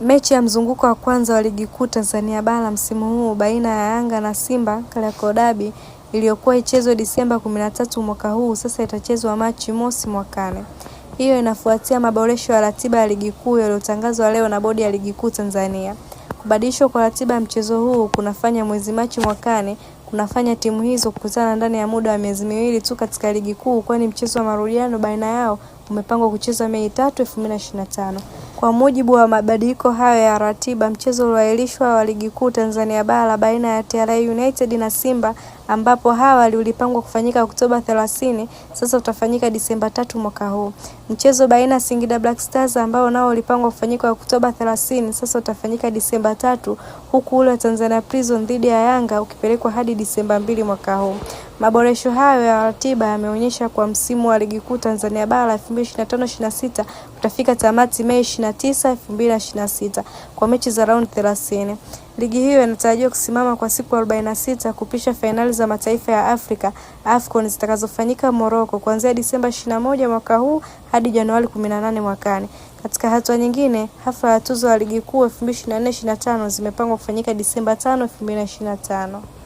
Mechi ya mzunguko wa kwanza wa Ligi Kuu Tanzania Bara msimu huu baina ya Yanga na Simba Kariakoo Derby iliyokuwa ichezwe Disemba kumi mwaka huu sasa itachezwa Machi mosi mwakane Hiyo inafuatia maboresho ya ratiba ya Ligi Kuu yaliyotangazwa leo na Bodi ya Ligi Kuu Tanzania. Kubadilishwa kwa ratiba ya mchezo huu kunafanya mwezi Machi mwakane kunafanya timu hizo kukutana ndani ya muda wa miezi miwili tu katika Ligi Kuu kwani mchezo wa marudiano baina yao umepangwa kuchezwa Mei 3, 2025. Kwa mujibu wa mabadiliko hayo ya ratiba mchezo ulioahirishwa wa Ligi Kuu Tanzania Bara baina ya TRA United na Simba ambapo awali ulipangwa kufanyika Oktoba 30, sasa utafanyika Disemba tatu mwaka huu. Mchezo baina ya Singida Black Stars ambao nao ulipangwa kufanyika Oktoba 30, sasa utafanyika Disemba tatu huku ule wa Tanzania Prison dhidi ya Yanga ukipelekwa hadi Disemba mbili mwaka huu. Maboresho hayo ya ratiba yameonyesha kwa msimu wa Ligi Kuu Tanzania Bara 2025/26 utafika tamati Mei 29, 2026 kwa mechi za raundi 30. Ligi hiyo inatarajiwa kusimama kwa siku 46 kupisha fainali za mataifa ya Afrika AFCON zitakazofanyika Morocco kuanzia Disemba 21 mwaka huu hadi Januari 18 mwakani. Katika hatua nyingine, hafla ya tuzo ya Ligi Kuu 2024/25 zimepangwa kufanyika Disemba 5, 2025.